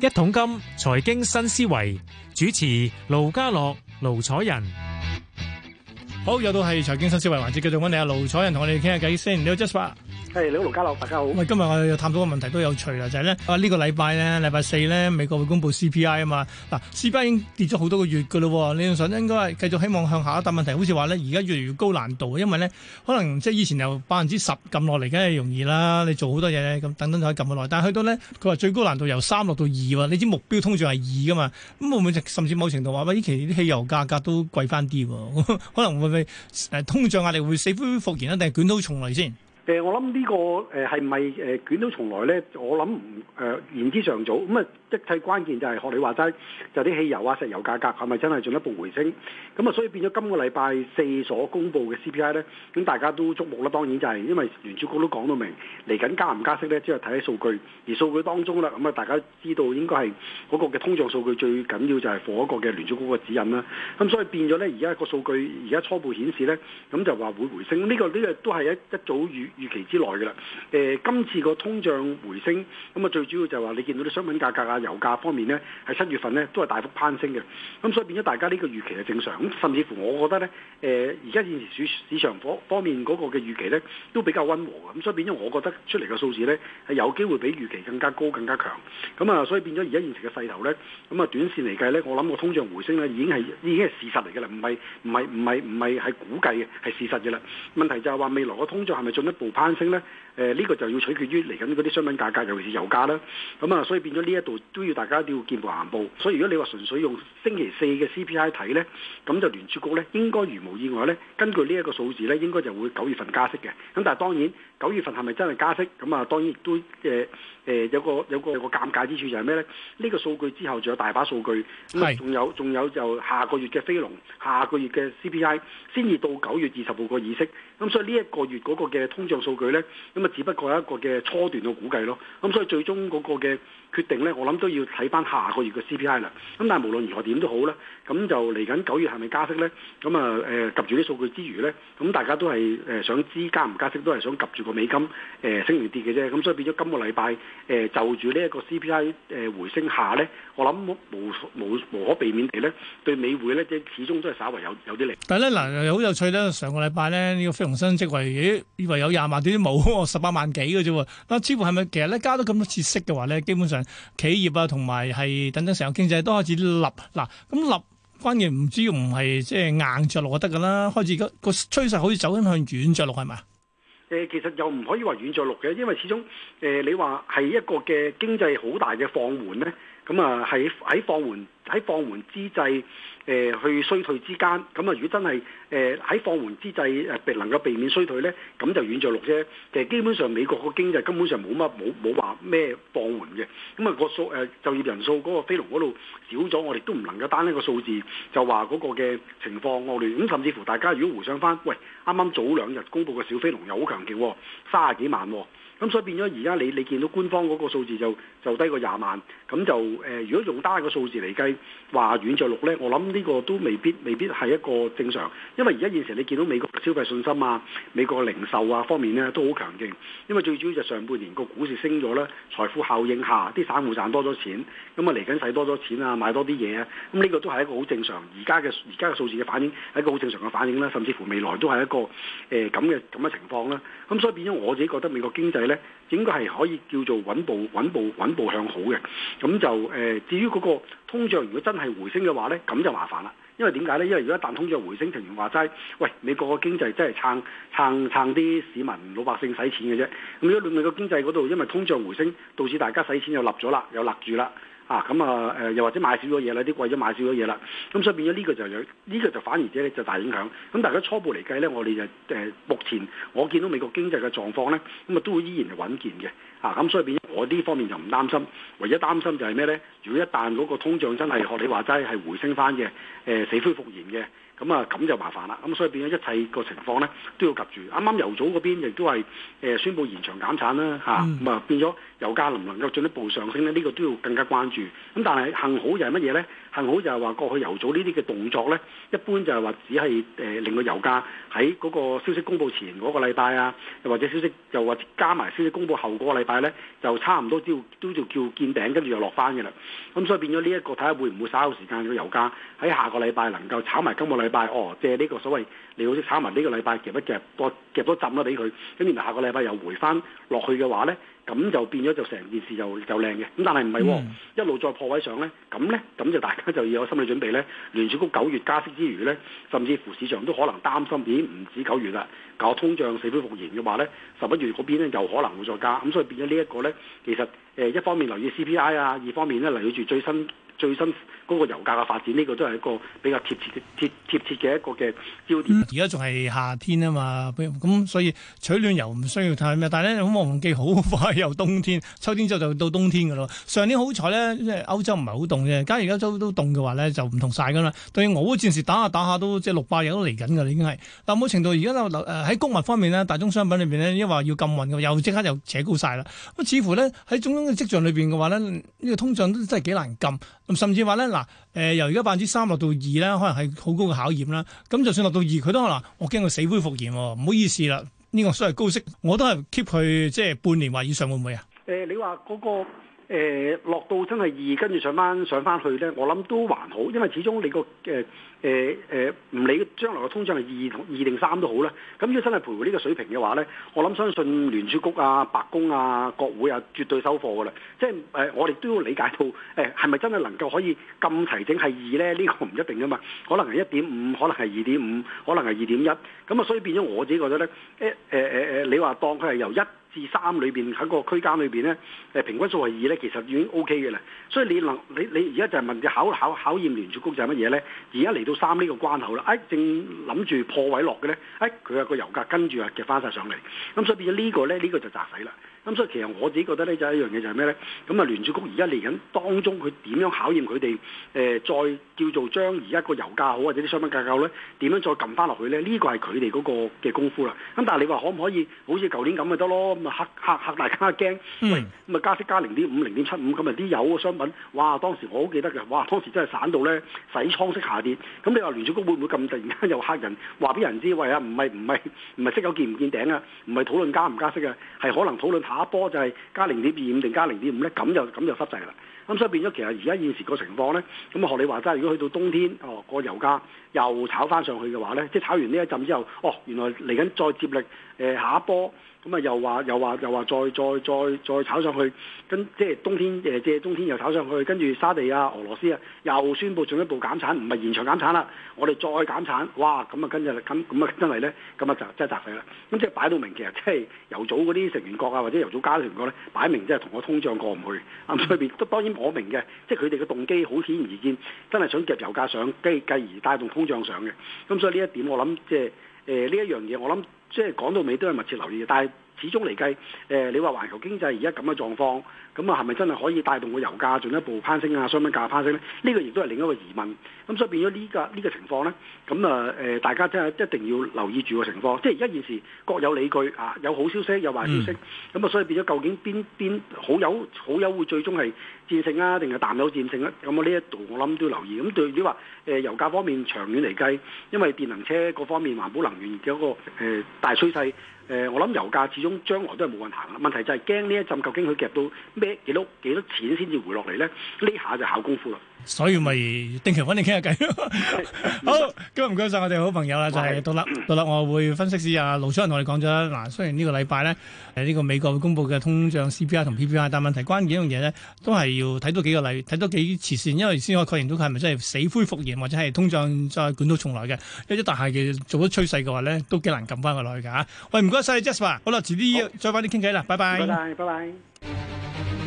一桶金財經新思維主持盧家樂、盧楚仁，好，又到係財經新思維環節，繼續揾你啊。盧楚仁同我哋傾下偈先。你好 Jasper 係你好，盧家樂，大家好。今日我哋又探討個問題都有趣啦，就係、是、咧，呢、這個禮拜咧，禮拜四咧，美國會公布 CPI 啊嘛。嗱、啊、，CPI 已經跌咗好多個月噶咯、哦，理想上應該繼續希望向下，一但問題好似話咧，而家越嚟越高難度，因為咧可能即係以前由百分之十撳落嚟，梗係容易啦，你做好多嘢咧，咁等等就可以撳落嚟。但係去到咧，佢話最高難度由三落到二、哦，你知目標通脹係二噶嘛？咁會唔會甚至某程度話，呢期啲汽油價格都貴翻啲、哦？可能會唔會誒通脹壓力會死灰復燃，定係捲土重嚟先？誒、呃，我諗、這個呃呃、呢個誒，係咪誒捲土重來咧？我諗唔誒言之尚早咁啊。嗯即係關鍵就係、是、學你話齋，就啲、是、汽油啊、石油價格係咪真係進一步回升？咁啊，所以變咗今個禮拜四所公佈嘅 CPI 呢，咁大家都矚目啦。當然就係、是、因為聯儲局都講到明，嚟緊加唔加息呢，主要睇下數據。而數據當中啦，咁啊，大家知道應該係嗰、那個嘅通脹數據最緊要就係放一嘅聯儲局嘅指引啦。咁所以變咗呢，而家個數據而家初步顯示呢，咁就話會回升。呢、這個呢、這個都係一一早預預期之內嘅啦。誒、呃，今次個通脹回升咁啊，最主要就係話你見到啲商品價格啊。油價方面呢，係七月份呢都係大幅攀升嘅，咁所以變咗大家呢個預期係正常，咁甚至乎我覺得呢，誒而家現時市市場方面嗰個嘅預期呢都比較溫和嘅，咁所以變咗我覺得出嚟嘅數字呢係有機會比預期更加高、更加強，咁啊，所以變咗而家現時嘅勢頭呢。咁啊短線嚟計呢，我諗個通脹回升呢已經係已經係事實嚟㗎啦，唔係唔係唔係唔係係估計嘅係事實嘅啦，問題就係話未來個通脹係咪進一步攀升呢？誒呢、呃這個就要取決於嚟緊嗰啲商品價格，尤其是油價啦。咁啊，所以變咗呢一度都要大家都要見步行步。所以如果你話純粹用星期四嘅 CPI 睇呢，咁就聯儲局呢應該如無意外呢，根據呢一個數字呢應該就會九月份加息嘅。咁但係當然。九月份係咪真係加息？咁啊，當然亦都誒誒有個有個個尷尬之處就係咩呢？呢、呢個數據之後仲有大把數據，咁啊，仲有仲有就下個月嘅非農、下個月嘅 CPI，先至到九月二十號個議息。咁所以呢一個月嗰個嘅通脹數據呢，咁啊，只不過係一個嘅初段嘅估計咯。咁所以最終嗰個嘅。決定咧，我諗都要睇返下個月嘅 CPI 啦。咁但係無論如何點都好啦，咁就嚟緊九月係咪加息咧？咁啊誒，及住啲數據之餘咧，咁、嗯、大家都係誒想知加唔加息都係想及住個美金誒、呃、升完跌嘅啫。咁、嗯、所以變咗今個禮拜誒就住呢一個 CPI 誒回升下咧，我諗無無無，無可避免地咧對美匯咧即係始終都係稍為有有啲力。但係咧嗱，好、呃、有趣咧，上個禮拜咧呢、呢個非農新職位，咦以為有廿萬點都冇 十八萬幾嘅啫。啊，支付係咪其實咧加咗咁多次息嘅話咧，基本上？企業啊，同埋係等等成個經濟都開始立嗱，咁、啊、立關鍵唔只要唔係即係硬着陸就得噶啦，開始個個趨勢可以走緊向軟着陸係嘛？誒，其實又唔可以話軟着陸嘅，因為始終誒、呃、你話係一個嘅經濟好大嘅放緩咧，咁啊喺喺放緩。喺放緩之際，誒、呃、去衰退之間，咁啊，如果真係誒喺放緩之際誒能夠避免衰退呢，咁就軟着陸啫。其、呃、實基本上美國個經濟根本上冇乜冇冇話咩放緩嘅，咁、嗯、啊、那個數誒、呃、就業人數嗰個非農嗰度少咗，我哋都唔能夠單一個數字就話嗰個嘅情況惡劣。咁、嗯、甚至乎大家如果回想翻，喂，啱啱早兩日公布嘅小非農又好強勁，三十幾萬、啊。咁所以變咗而家你你見到官方嗰個數字就就低過廿萬，咁就誒、呃、如果用單個數字嚟計話遠就錄咧，我諗呢個都未必未必係一個正常，因為而家現時你見到美國消費信心啊、美國零售啊方面咧都好強勁，因為最主要就上半年個股市升咗啦，財富效應下啲散戶賺多咗錢，咁啊嚟緊使多咗錢啊買多啲嘢啊，咁呢個都係一個好正常，而家嘅而家嘅數字嘅反應係一個好正常嘅反應啦、啊，甚至乎未來都係一個誒咁嘅咁嘅情況啦、啊，咁所以變咗我自己覺得美國經濟。咧應該係可以叫做穩步、穩步、穩步向好嘅，咁就誒、呃。至於嗰個通脹，如果真係回升嘅話呢，咁就麻煩啦。因為點解呢？因為如果一旦通脹回升，譬如話齋，喂，美國個經濟真係撐、撐、撐啲市民老百姓使錢嘅啫。咁如果美國經濟嗰度，因為通脹回升，導致大家使錢又立咗啦，又勒住啦。啊，咁啊，誒，又或者買少咗嘢啦，啲貴咗買少咗嘢啦，咁所以變咗呢個就有，呢個就反而者咧就大影響。咁但係大家初步嚟計咧，我哋就誒目前我見到美國經濟嘅狀況咧，咁啊都依然係穩健嘅，啊，咁所以變咗我呢方面就唔擔心。唯一擔心就係咩咧？如果一旦嗰個通脹真係學你話齋係回升翻嘅，誒死灰復燃嘅，咁啊咁就麻煩啦。咁所以變咗一切個情況咧都要及住。啱啱油組嗰邊亦都係誒宣布延長減產啦，嚇、啊，咁啊 s ays s ays 變咗油價能唔能夠進一步上升咧？呢、這個都要更加關注。咁、嗯、但係幸好就係乜嘢咧？幸好就係話過去油組呢啲嘅動作咧，一般就係話只係誒、呃、令到油價喺嗰個消息公佈前嗰個禮拜啊，又或者消息又或者加埋消息公佈後嗰個禮拜咧，就差唔多都要都要叫見頂，跟住又落翻嘅啦。咁、嗯、所以變咗呢一個睇下會唔會嘥個時間個油價喺下個禮拜能夠炒埋今個禮拜哦，借呢個所謂你好似炒埋呢個禮拜夾一夾多夾多浸啦俾佢，跟住後下個禮拜又回翻落去嘅話咧，咁就變咗就成件事就就靚嘅。咁但係唔係一路再破位上咧，咁咧咁就大。咁就要有心理準備咧。聯儲局九月加息之餘咧，甚至乎市場都可能擔心，已經唔止九月啦。搞通脹死灰復燃嘅話咧，十一月嗰邊咧又可能會再加。咁所以變咗呢一個咧，其實誒一方面留意 CPI 啊，二方面咧留意住最新。最新嗰個油價嘅發展，呢、呢個都係一個比較貼切嘅貼貼切嘅一個嘅焦點。而家仲係夏天啊嘛，咁所以取暖油唔需要太咩。但係咧好忘記，好快又冬天、秋天之後就到冬天㗎啦。上年好彩咧，即係歐洲唔係好凍啫。假如而家歐洲都都凍嘅話咧，就唔同晒㗎啦。對俄戰事打下打下都即係六百日都嚟緊㗎啦，已經係。但冇程度而家咧喺供物方面呢，大宗商品裏邊呢，因為話要禁運㗎，又即刻又扯高晒啦。咁似乎呢，喺種種嘅跡象裏邊嘅話呢，呢、呢個通脹都真係幾難禁。咁甚至話咧，嗱、呃，誒由而家百分之三落到二咧，可能係好高嘅考驗啦。咁就算落到二，佢都可能我驚佢死灰復燃喎，唔好意思啦，呢、這個都係高息，我都係 keep 佢即係半年或以上會唔會啊？誒、呃，你話嗰、那個。誒、呃、落到真係二，跟住上翻上翻去呢，我諗都還好，因為始終你個誒誒誒唔理將來個通脹係二同二定三都好啦。咁如果真係徘徊呢個水平嘅話呢，我諗相信聯儲局啊、白宮啊、國會啊，絕對收貨㗎啦。即係、呃、我哋都要理解到誒，係、呃、咪真係能夠可以咁齊整係二呢？呢、這個唔一定㗎嘛，可能係一點五，可能係二點五，可能係二點一。咁啊，所以變咗我自己覺得呢，誒誒誒你話當佢係由一。二三裏邊喺個區間裏邊咧，誒平均數係二咧，其實已經 O K 嘅啦。所以你能你你而家就係問你考考考驗聯儲局就係乜嘢咧？而家嚟到三呢個關口啦，誒、哎、正諗住破位落嘅咧，誒、哎、佢有個油價跟住啊夾翻晒上嚟，咁所以變咗呢個咧，呢、呢個就窒死啦。咁所以其實我自己覺得咧就係一樣嘢就係咩咧？咁啊聯儲局而家嚟緊當中佢點樣考驗佢哋？誒再叫做將而家個油價好或者啲商品價格咧點樣再撳翻落去咧？呢個係佢哋嗰個嘅功夫啦。咁但係你話可唔可以好似舊年咁咪得咯？咁啊嚇嚇嚇！大家驚，咁啊加息加零點五、零點七五咁啊啲油嘅商品哇！當時我好記得嘅，哇！當時真係散到咧洗倉式下跌。咁你話聯儲局會唔會咁突然間又嚇人？話俾人知，喂啊唔係唔係唔係息口見唔見頂啊？唔係討論加唔加息啊？係可能討論打波就係加零點二五定加零點五咧，咁就咁就濕滯啦。咁所以變咗其實而家現時個情況咧，咁學你話齋，如果去到冬天，哦，個油價。又炒翻上去嘅話呢，即係炒完呢一陣之後，哦，原來嚟緊再接力，誒、呃、下一波，咁啊又話又話又話再再再再炒上去，跟即係冬天誒借冬天又炒上去，跟住沙地啊、俄羅斯啊又宣佈進一步減產，唔係延長減產啦，我哋再減產，哇，咁啊跟住，咁咁啊真係咧，咁啊就真係砸死啦，咁即係擺到明，其實即係由早嗰啲成員國啊，或者由早加啲成員國咧，擺明即係同個通脹過唔去，咁所以都當然我明嘅，即係佢哋嘅動機好顯而見，真係想夾油價上繼繼而帶動通。實上嘅，咁、嗯、所以呢一點我諗即係誒呢一樣嘢，我諗、呃、即係講到尾都係密切留意，但係始終嚟計誒，你話環球經濟而家咁嘅狀況。咁啊，係咪真係可以帶動個油價進一步攀升啊？商品價攀升咧，呢、這個亦都係另一個疑問。咁所以變咗呢、這個呢、這個情況咧，咁啊誒，大家真係一定要留意住個情況。即係一件事各有理據啊，有好消息有壞消息。咁啊，所以變咗究竟邊邊好友好友會最終係戰勝啊，定係淡友戰勝咧、啊？咁我呢一度我諗都要留意。咁對如果話油價方面長遠嚟計，因為電能車各方面環保能源嘅一個誒、呃、大趨勢，誒、呃、我諗油價始終將來都係冇運行啦。問題就係驚呢一陣究竟佢夾到咩？幾多幾多錢先至回落嚟咧？呢下就考功夫啦！所以咪定期揾你傾下偈咯。 好，多唔多謝我哋好朋友啦， 就係杜立杜立。我會分析師阿盧楚仁同我哋講咗啦。嗱，雖然個呢個禮拜咧，呢、這個美國公布嘅通脹 CPI 同 PPI，但問題關鍵一樣嘢咧，都係要睇多幾個例，睇多幾前線，因為先可以確認到佢係咪真係死灰復燃，或者係通脹再捲土重來嘅。一啲大夏嘅做咗趨勢嘅話咧，都幾難撳翻佢落去噶吓、啊。喂，唔該晒 Jasper 好啦，遲啲好好再翻啲傾偈啦，拜，拜拜，拜拜。拜拜。